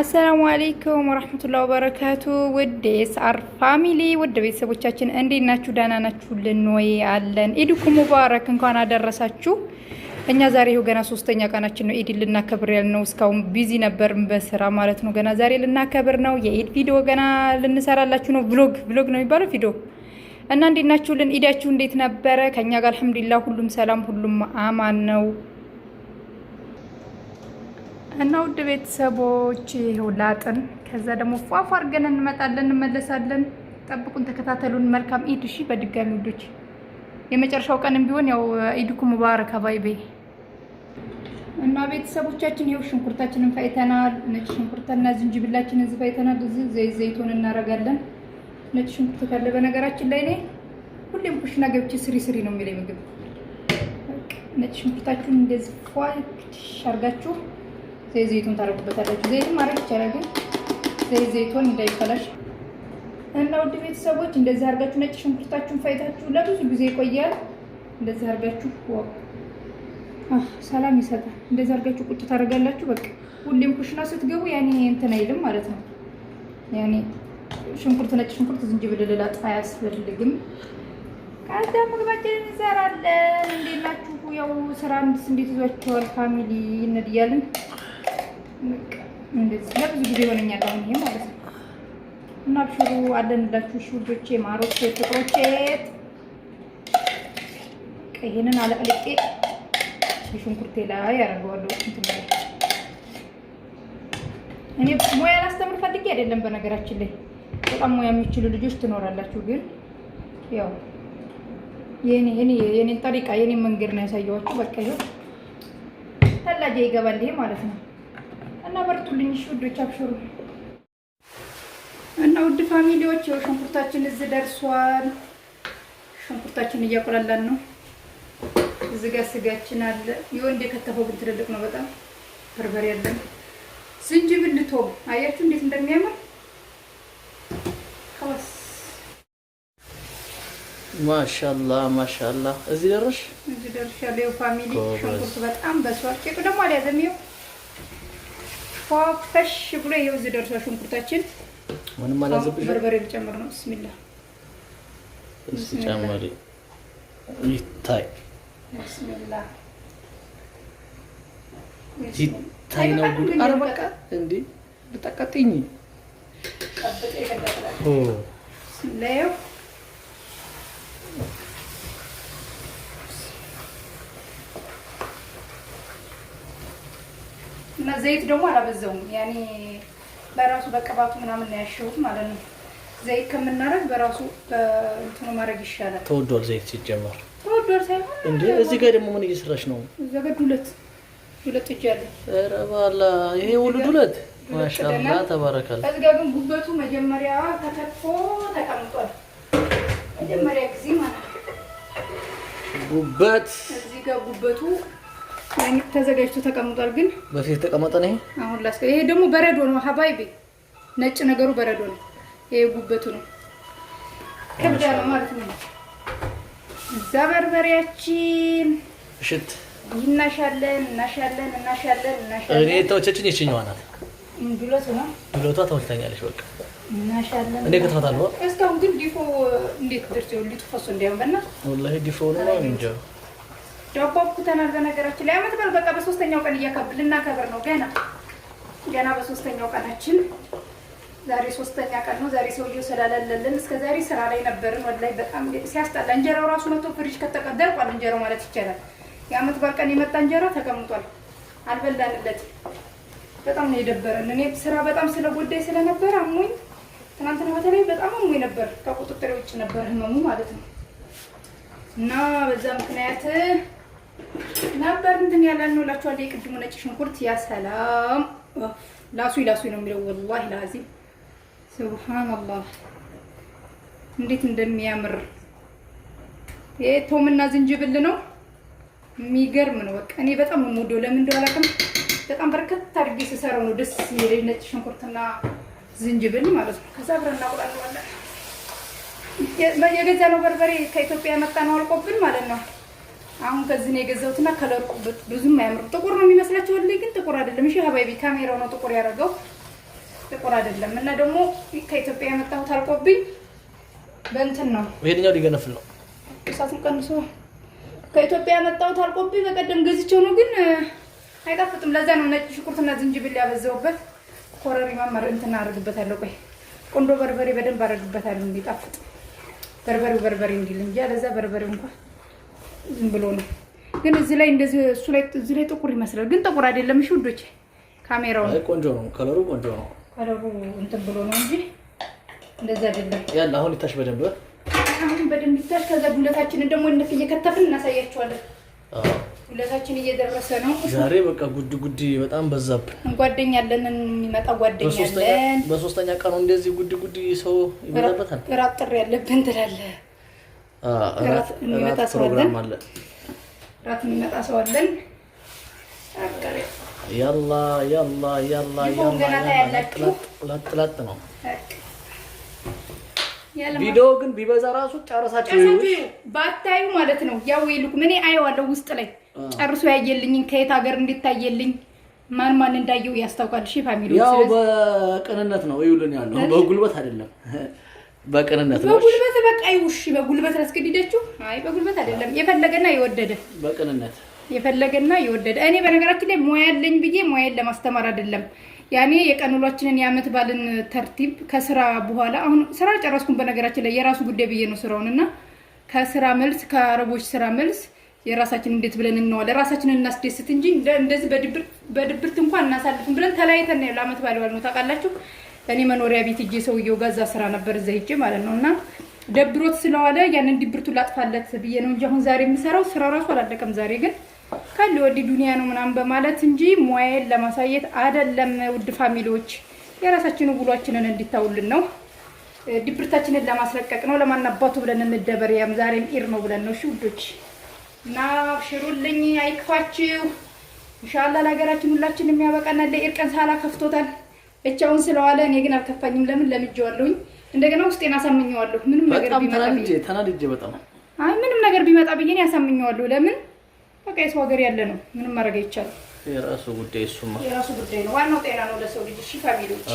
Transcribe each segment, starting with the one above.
አሰላሙ አሌይኩም ወረህመቱላሂ ወበረካቱ ውድ የስአር ፋሚሊ ውድ ቤተሰቦቻችን እንዴት ናችሁ? ደህና ናችሁ? ልንወይ አለን። ኢድኩም ሙባረክ እንኳን አደረሳችሁ። እኛ ዛሬ ይኸው ገና ሶስተኛ ቀናችን ነው ኢድ ልናከብር ያል እስካሁን ቢዚ ነበር በስራ ማለት ነው። ገና ዛሬ ልናከብር ነው። የኢድ ቪዲዮ ገና ልንሰራላችሁ ነው። ብሎግ ብሎግ ነው የሚባለው ቪዲዮ እና እንዴት ናችሁልን? ኢዳችሁ እንዴት ነበረ? ከእኛ ጋር አልሐምዱሊላህ ሁሉም ሰላም፣ ሁሉም አማን ነው። እና ውድ ቤተሰቦች ይኸው ላጥን፣ ከዛ ደግሞ ፏፏ አድርገን እንመጣለን፣ እንመለሳለን። ጠብቁን፣ ተከታተሉን። መልካም ኢድ። እሺ፣ በድጋሚ ውዶች፣ የመጨረሻው ቀንም ቢሆን ያው ኢድኩ ሙባረክ አባይቤ እና ቤተሰቦቻችን ይኸው ሽንኩርታችንን ፈይተናል። ነጭ ሽንኩርትና ዝንጅብላችንን እዚህ ፈይተናል። እዚህ ዘይት ዘይቱን እናደርጋለን። ነጭ ሽንኩርት ካለ በነገራችን ላይ እኔ ሁሌም ኩሽና ገብቼ ስሪ ስሪ ነው የሚለኝ ምግብ። ነጭ ሽንኩርታችሁን እንደዚህ ፏ አድርጋችሁ ዘይት ዘይቱን ታደርጉበታላችሁ። ዘይት ማድረግ ይቻላል፣ ግን ዘይት ዘይቱን እንዳይፈላሽ እና ውድ ቤተሰቦች እንደዚህ አድርጋችሁ ነጭ ሽንኩርታችሁን ፋይታችሁ ለብዙ ጊዜ ይቆያል። እንደዚህ አድርጋችሁ ሰላም ይሰጣል። እንደዚህ አድርጋችሁ ቁጭ ታደርጋላችሁ። በቃ ሁሌም ኩሽና ስትገቡ ያኔ እንትን አይልም ማለት ነው። ያኔ ሽንኩርት፣ ነጭ ሽንኩርት፣ ዝንጅብል ልላጥፋ አያስፈልግም። ከዛ ምግባችን እንሰራለን። እንዴት ናችሁ? ያው ስራ እንዴት ይዟቸዋል ፋሚሊ እንድያለን ለብዙ ጊዜ ሆነኛል አሁን ይሄ ማለት ነው። እና አብሽሩ አለንላችሁ። እሺ ውዶቼ፣ ማሮቼ፣ ፍቅሮቼ ይሄንን አለቅልቄ የሽንኩርቴ ላይ ያደርገዋለሁ። እኔ ሙያ ላስተምር ፈልጌ አይደለም። በነገራችን ላይ በጣም ሙያ የሚችሉ ልጆች ትኖራላችሁ። ግን ያው የኔን ጠሪቃ የኔን መንገድ ነው ያሳየዋችሁ። በቃ ይኸው ተላጃ ይገባል ይሄ ማለት ነው። እና በርቱልኝ። እሺ ውዶች አብሽሩ እና ውድ ፋሚሊዎች፣ ያው ሽንኩርታችን እዚህ ደርሷል። ሽንኩርታችን እያቆላላን ነው። እዚህ ጋር ስጋችን አለ። የወንድ የከተፈው ግን ትልልቅ ነው በጣም በርበሬ ያለን ዝንጅብል ቶም አያችሁ እንዴት እንደሚያምር ከዋስ ማሻላ ማሻላ። እዚህ ደረሽ እዚህ ደርሻለሁ ፋሚሊ። ሽንኩርት በጣም በሷል። ቄጡ ደግሞ አልያዘም ይኸው ፈሽ ብሎ ይኸው እዚህ ደርሷል። ሽንኩርታችን ምንም አላዘብሽ። በርበሬ ልጨምር ነው። ብስሚላ እስቲ ጨምሪ ይታይ ብስሚላ ይታይ ነው ጉድ። ኧረ በቃ እንዴ ልጠቀጥኝ ዘይት ደግሞ አላበዛውም። ያኔ በራሱ በቅባቱ ምናምን ነው ያሸሁት ማለት ነው። ዘይት ከምናደርግ በራሱ እንትኑ ማድረግ ይሻላል። ተወዷል ዘይት ሲጀመር ተወዷል ሳይሆን እንደ እዚህ ጋር ደግሞ ምን እየሰራች ነው? እዛ ጋር ዱለት ዱለት እጃለሁ። ኧረ በኋላ ይሄ ሁሉ ዱለት ማሻላ ተባረካል። እዚህ ጋር ግን ጉበቱ መጀመሪያ ተከትፎ ተቀምጧል። መጀመሪያ ጊዜ ማለት ጉበት እዚህ ጋር ጉበቱ ተዘጋጅቶ ተቀምጧል። ግን በፊት የተቀመጠ ነው። አሁን ላስቀ ይሄ ደግሞ በረዶ ነው። ሀባይቤ ነጭ ነገሩ በረዶ ነው። ይሄ ጉበቱ ነው። ከብዳ ነው ማለት ነው። እዛ በርበሬያችን እሽት ይናሻለን፣ እናሻለን፣ እናሻለን፣ እናሻለን። እኔ የተመቸችኝ የችኛዋ ናት። ብሎት ነው ብሎቷ ተመችታኛለች። በቃ እናሻለን። እኔ ከተፈታለሁ እስካሁን ግን ዲፎ እንዴት ደርሶ ሊጥፈሱ እንዲያምበና ወላሂ ዲፎ ነው እንጃ ዳቦ በነገራችን ላይ አመት በል በቃ በሶስተኛው ቀን እያከብ ልናከብር ነው። ገና ገና በሶስተኛው ቀናችን ዛሬ ሶስተኛ ቀን ነው። ዛሬ ሰውየው ስላለለልን እስከ ዛሬ ስራ ላይ ነበርን። ወላሂ በጣም ሲያስጠላ እንጀራው ራሱ መቶ ፍሪጅ ከተቀደርቋል እንጀራው ማለት ይቻላል። የአመት በል ቀን የመጣ እንጀራ ተቀምጧል፣ አልበላንለት። በጣም ነው የደበረን። እኔ ስራ በጣም ስለጎዳይ ስለነበር አሞኝ ትናንትና በተለይ በጣም አሞኝ ነበር። ከቁጥጥሬ ውጭ ነበር ህመሙ ማለት ነው እና በዛ ምክንያት ነበር እንትን ያለን ነው እላችኋለሁ። የቅድሙ ነጭ ሽንኩርት ያ ሰላም ላሱ ላሱ ነው የሚለው ወላሂ ላዚም ሱብሃንአላህ እንዴት እንደሚያምር ይሄ ቶምና ዝንጅብል ነው። የሚገርም ነው። በቃ እኔ በጣም የምወደው ለምን እንደው አላውቅም። በጣም በርከት አድርጌ ስሰራው ነው ደስ የሚለኝ ነጭ ሽንኩርትና ዝንጅብል ማለት ነው። ከዛ ብረን እናቁላለዋለን። የገዛ ነው በርበሬ ከኢትዮጵያ የመጣ ነው አልቆብን ማለት ነው። አሁን ከዚህ ነው የገዛሁትና ከለሩ ብዙም አያምርም። ጥቁር ነው የሚመስላቸው ሁሌ ግን ጥቁር አይደለም። እሺ ሀባይቢ ካሜራው ነው ጥቁር ያደረገው፣ ጥቁር አይደለም። እና ደግሞ ከኢትዮጵያ የመጣሁት አልቆብኝ በእንትን ነው ይሄኛው ሊገነፍል ነው። እሳቱን ቀንሶ ከኢትዮጵያ የመጣሁት አልቆብኝ በቀደም ገዝቼው ነው፣ ግን አይጣፍጥም። ለዛ ነው ነጭ ሽኩርትና ዝንጅብል ያበዛሁበት። ኮረሪማ እንትን አደርግበታለሁ። ቆይ ቁንዶ በርበሬ በደንብ አደርግበታለሁ እንዲጣፍጥ፣ በርበሬው በርበሬ እንዲል እንጂ ለዛ በርበሬው እንኳን ዝም ብሎ ነው። ግን እዚህ ላይ እንደዚህ እሱ ላይ እዚህ ላይ ጥቁር ይመስላል፣ ግን ጥቁር አይደለም። እሺ ውዶች፣ ካሜራው ቆንጆ ነው፣ ከለሩ ቆንጆ ነው። ከለሩ እንትን ብሎ ነው እንጂ እንደዚህ አይደለም። ያለ አሁን ይታሽ በደንብ አሁን በደንብ ይታሽ። ከዛ ጉለታችንን ደግሞ እንደዚህ እየከተፍን እናሳያቸዋለን። ጉለታችን እየደረሰ ነው። ዛሬ በቃ ጉድ ጉድ በጣም በዛብን። ጓደኛ አለን የሚመጣ ጓደኛ አለን። በሶስተኛ ቀኑ እንደዚህ ጉድ ጉድ ሰው ይመጣበታል። ራጥር ያለብን ትላለህ እራት የሚመጣ ሰው እራት የሚመጣ ሰው አለን። ያላ ያላ ያላ ነው ቪዲዮ ግን ቢበዛ ራሱ ጨርሳችሁ ባታዩ ማለት ነው። ያው ይልኩ ምን አየዋለሁ ውስጥ ላይ ጨርሶ ያየልኝን ከየት ሀገር እንዲታየልኝ ማን ማን እንዳየው ያስታውቃል። እሺ ፋሚሊ ያው በቅንነት ነው ይውልን ያለው በጉልበት አይደለም። በቅንነት ነው። በጉልበት በቃ ይውሽ በጉልበት ላስገድዳችሁ? አይ በጉልበት አይደለም። የፈለገና የወደደ በቅንነት የፈለገና የወደደ እኔ በነገራችን ላይ ሙያ ያለኝ ብዬ ሙያን ለማስተማር አይደለም። ያኔ የቀን ውሏችንን የአመት ባልን ተርቲብ ከስራ በኋላ አሁን ስራ ጨረስኩን በነገራችን ላይ የራሱ ጉዳይ ብዬ ነው ስራውን እና ከስራ መልስ ከአረቦች ስራ መልስ የራሳችን እንዴት ብለን እንዋለን ራሳችንን እናስደስት እንጂ እንደዚህ በድብርት እንኳን እናሳልፍም ብለን ተለያይተን ነው ለአመት ባል ዋል ነው ታውቃላችሁ። እኔ መኖሪያ ቤት እጄ ሰውየው ጋር ስራ ነበር እዛ ሄጄ ማለት ነው እና ደብሮት ስለዋለ ያንን ድብርቱ ላጥፋለት ብዬ ነው እንጂ አሁን ዛሬ የምሰራው ስራ ራሱ አላለቀም። ዛሬ ግን ካለ ወዲህ ዱኒያ ነው ምናምን በማለት እንጂ ሙያዬን ለማሳየት አደለም። ውድ ፋሚሊዎች የራሳችንን ውሏችንን እንዲታውልን ነው፣ ድብርታችንን ለማስለቀቅ ነው። ለማናባቱ ብለን እንደበር። ያም ዛሬም ኢር ነው ብለን ነው። እሺ ውዶች እና ሽሩልኝ አይክፋችሁ። ኢንሻአላህ ለሀገራችን ሁላችን የሚያበቃና ለኢር ቀን ሳላ ከፍቶታል። እቻውን ስለዋለ እኔ ግን አልከፋኝም። ለምን ለምጄዋለሁኝ። እንደገና ውስጤን አሳምኘዋለሁ። ምንም ነገር ቢመጣ ተናድጄ በጣም አይ ምንም ነገር ቢመጣ ብዬ እኔ ለምን በቃ የሰው ሀገር ያለ ነው። ምንም ማድረግ አይቻልም። የራሱ ጉዳይ እሱማ የራሱ ጉዳይ ነው። ዋናው ጤና ነው ለሰው ልጅ። እሺ ፋሚሊዎች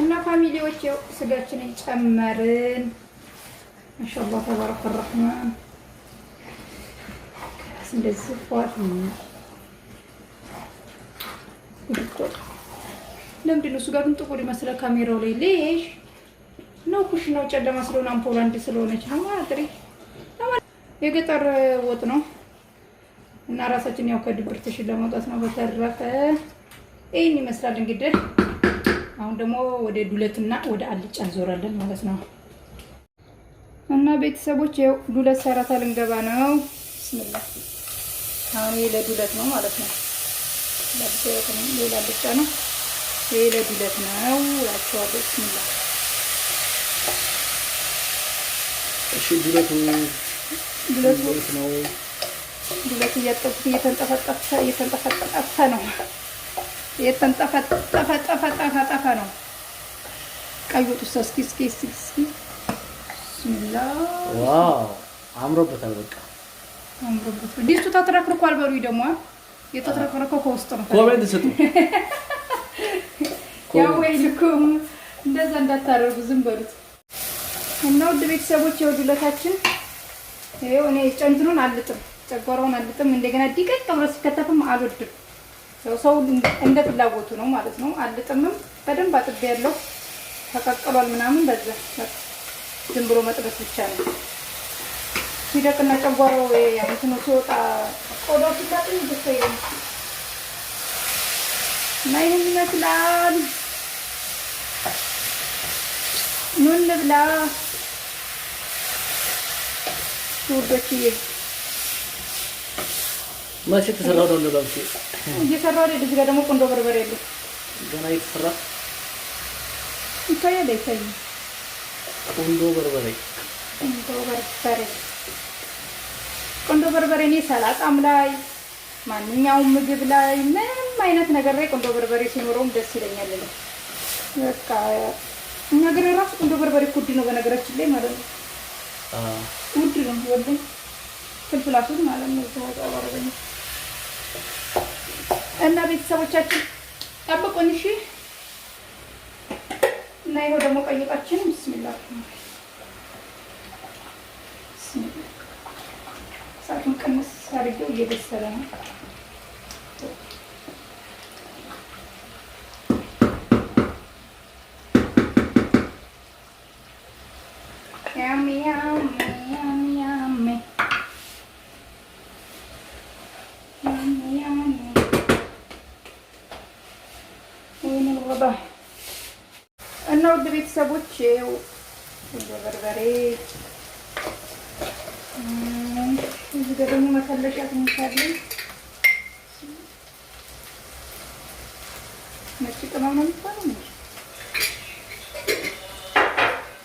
እና ፋሚሊዎች ስጋችንን ጨመርን። ማሻአላ ተባረከ ረህማን እንደዚህ ፏል። ለምንድን ነው እሱ ጋር ግን ጥቁር ይመስላል ካሜራው ላይ? ሌሽ ነው ኩሽናው ጨለማ ስለሆነ አምፖላንድ አንድ ስለሆነች ማጥሪ የገጠር ወጥ ነው እና ራሳችን ያው ከድብርትሽን ለማውጣት ነው። በተረፈ ይህን ይመስላል እንግዲህ። አሁን ደግሞ ወደ ዱለትና ወደ አልጫ እንዞራለን ማለት ነው። እና ቤተሰቦች ያው ዱለት ሰራታ ልንገባ ነው። ብስምላ አሁን ይሄ ለዱለት ነው ማለት ነው። ሌላ ብቻ ነው። ይሄ ለዱለት ነው ላቸዋለ። ብስምላ እሺ። ዱለቱ ዱለቱ ነው። ዱለት እያጠብኩት እየተንጠፈጠፈ እየተንጠፈጠፈ ነው። እየተንጠፈጠፈ ጠፈ ጠፈ ነው። ቀይጡስ እስኪ እስኪ እስኪ ብስሚላ አምሮበታል። በቃ አምሮበት ዲስቱ ተትረክርኳል። በሉ ደግሞ የተትረክረከው ከውስጥ ነው። ኮሜንት ስጡ። ያው ወይ እንደዛ እንዳታደርጉ ዝም በሉት እና ውድ ቤተሰቦች የወዱለታችን እኔ ጨንትኑን አልጥም፣ ጨጓራውን አልጥም። እንደገና ዲቀቅ ብሎ ሲከተፍም አልወድም። ሰው እንደ ፍላጎቱ ነው ማለት ነው። አልጥምም በደንብ አጥቤ ያለው ተቀቅሏል ምናምን በዛ ዝም ብሎ መጥበስ ብቻ ነው። ሲደቅና ጨጓራው ያንትኖ ሲወጣ ቆዳው ሲታጥን ደስ ይላል እና ይህን ይመስላል። ኑ እንብላ ውዶችዬ። መቼ ተሰራ ነው ልበል እየሰራ ደ እዚህ ጋር ደግሞ ቁንዶ በርበሬ የለ ገና እየተሰራ ይታያል አይታይም? ቆንዶ በርበሬ ቆንዶ በርበሬ ቆንዶ በርበሬ እኔ ሰላጣም ላይ ማንኛውም ምግብ ላይ ምንም አይነት ነገር ላይ ቆንዶ በርበሬ ሲኖረውም ደስ ይለኛል። በቃ እኛ ሀገር ራሱ ቆንዶ በርበሬ ኩድ ውድ ነው፣ በነገራችን ላይ ማለት ነው። ውድ ነው ወደኝ ፍልፍላቱን ማለት ነው ተባረበኝ እና ቤተሰቦቻችን ጠብቁን እሺ። እና ይኸው ደግሞ ቀይጣችን ብስሚላ ሳቱን ቀንስ አድርጌው እየበሰለ ነው። እንቀንሳለን። ነጭ ቅመም ነው የሚባለው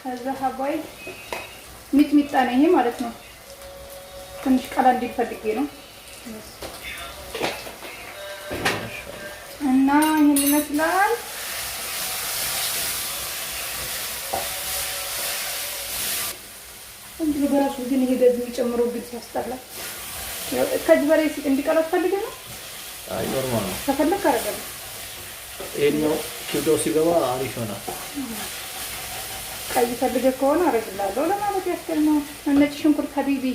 ከዛ ሀባይ ሚጥሚጣ ነው ይሄ ማለት ነው። ትንሽ ቀላ እንዲፈልጌ ነው እና ይህን ይመስላል። እንዲሁ በራሱ ግን ይሄ ገዝ የሚጨምረው ግን ሲያስጠላል ከዚህ በላይ እንዲቀር ትፈልገ ነው። አይ ኖርማል ነው። ከፈለግ ካረገ ነው። ይሄኛው ኪብደው ሲገባ አሪፍ ይሆናል። ቀይ ፈልገ ከሆነ አረግላለሁ ለማለት ያክል ነው። ነጭ ሽንኩርት ከቢቢ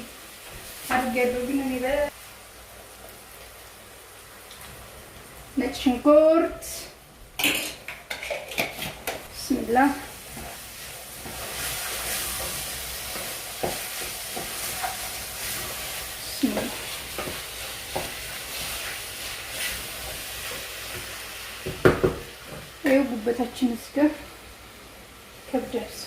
አድርጌያለሁ፣ ግን እኔ በ ነጭ ሽንኩርት ብስሚላ ይኸው ጉበታችን እስከ ከብደርስ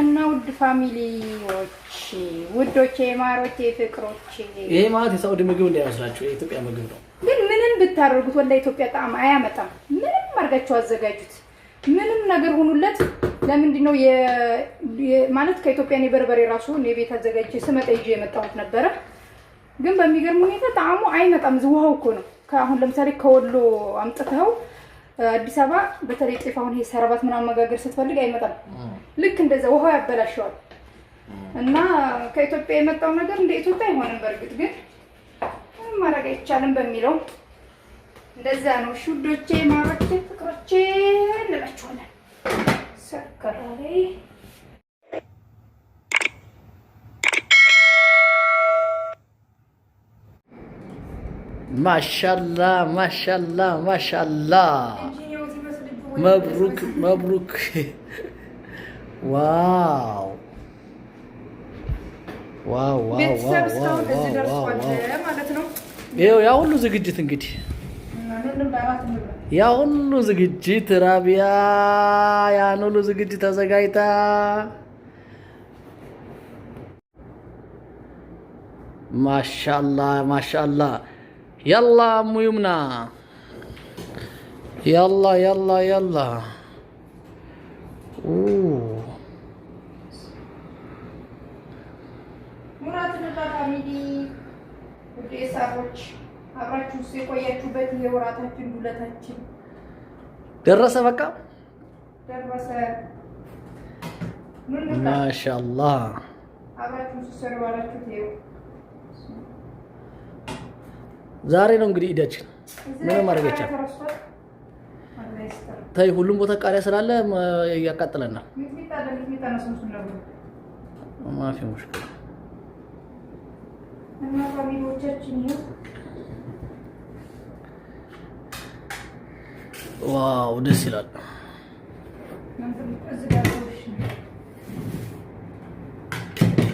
እና ውድ ፋሚሊዎች ውዶቼ፣ ማሮቼ፣ ፍቅሮቼ ይሄ ማለት የሳውዲ ምግብ እንዳይመስላችሁ የኢትዮጵያ ምግብ ነው። ብታደርጉት ወላ ኢትዮጵያ ጣዕም አያመጣም። ምንም አድርጋችሁ አዘጋጁት፣ ምንም ነገር ሆኑለት። ለምንድን ነው ማለት ከኢትዮጵያ እኔ በርበሬ ራሱ እኔ ቤት አዘጋጅ ስመጣ ይዤ የመጣሁት ነበረ፣ ግን በሚገርም ሁኔታ ጣዕሙ አይመጣም። ዝውሃው እኮ ነው። አሁን ለምሳሌ ከወሎ አምጥተው አዲስ አበባ በተለይ ጤፍ አሁን ይሄ ሰረባት ምናምን መጋገር ስትፈልግ አይመጣም። ልክ እንደዛ ውሃው ያበላሸዋል። እና ከኢትዮጵያ የመጣው ነገር እንደ ኢትዮጵያ አይሆንም። በእርግጥ ግን ማድረግ አይቻልም በሚለው እንደዛ ነው። ሹዶቼ፣ ማሮቼ፣ ፍቅሮቼ እንላችኋለን። ሰከራሬ ማሻላ ማሻላ ማሻላ። መብሩክ መብሩክ። ዋው ዋው ዋው ዋው ዋው ዋው። ያ ሁሉ ዝግጅት እንግዲህ ያ ሁሉ ዝግጅት ራቢያ ያን ሁሉ ዝግጅት ተዘጋጅታ ማሻላ ማሻላ ያላ ሙዩምና ያላ ያላ ያላ ሙራት ነባ ፋሚሊ ውዴ ሳሮች አብራችሁ እሱ የቆያችሁበት ይሄ ወራታችን ደረሰ። በቃ ደረሰ። አብራችሁ ዛሬ ነው እንግዲህ ኢዳችን። ምንም ማድረግ ይቻላል። ተይ ሁሉም ቦታ ቃሪያ ስላለ ያቃጥለናል። ማፊ ሙሽክል እና ዋው ደስ ይላል።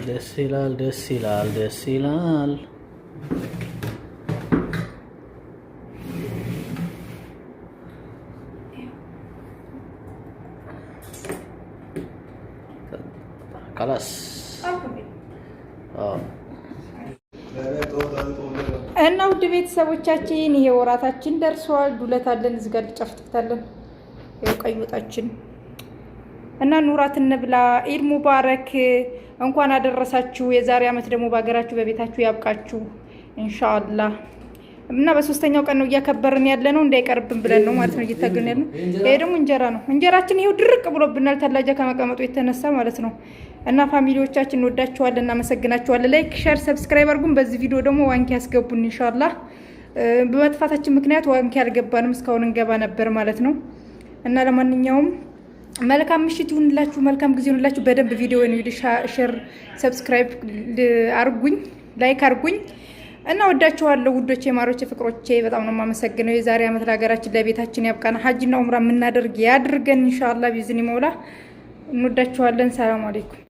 ደስ ይላል። ደስ ይላል። ደስ ይላል። ቤተሰቦቻችን ይሄ ወራታችን ደርሷል። ዱለት አለን እዚህ ጋር ልጨፍጥፍታለን። ይኸው ቀይ ወጣችን እና ኑራት እንብላ። ኢድ ሙባረክ፣ እንኳን አደረሳችሁ። የዛሬ ዓመት ደግሞ በሀገራችሁ በቤታችሁ ያብቃችሁ ኢንሻአላ። እና በሶስተኛው ቀን ነው እያከበርን ያለ ነው እንዳይቀርብን ብለን ነው ማለት ነው እየታገልን ያለ ነው። ይሄ ደግሞ እንጀራ ነው። እንጀራችን ይሄው ድርቅ ብሎብናል ተላጃ ከመቀመጡ የተነሳ ማለት ነው። እና ፋሚሊዎቻችን እንወዳችኋለን፣ እናመሰግናችኋለን። ላይክ፣ ሸር፣ ሰብስክራይብ አርጉን። በዚህ ቪዲዮ ደግሞ ዋንኪ ያስገቡን ኢንሻአላህ። በመጥፋታችን ምክንያት ዋንክ ያልገባንም እስካሁን እንገባ ነበር ማለት ነው። እና ለማንኛውም መልካም ምሽት ይሁንላችሁ፣ መልካም ጊዜ ይሁንላችሁ። በደንብ ቪዲዮ ሼር፣ ሰብስክራይብ አርጉኝ፣ ላይክ አርጉኝ እና ወዳችኋለሁ ውዶቼ፣ ማሮቼ፣ ፍቅሮቼ በጣም ነው የማመሰግነው። የዛሬ ዓመት ለሀገራችን ለቤታችን ያብቃን። ሀጅና ኡምራ የምናደርግ ያድርገን። እንሻላ ቢዝን መውላ። እንወዳችኋለን። ሰላም አሌይኩም።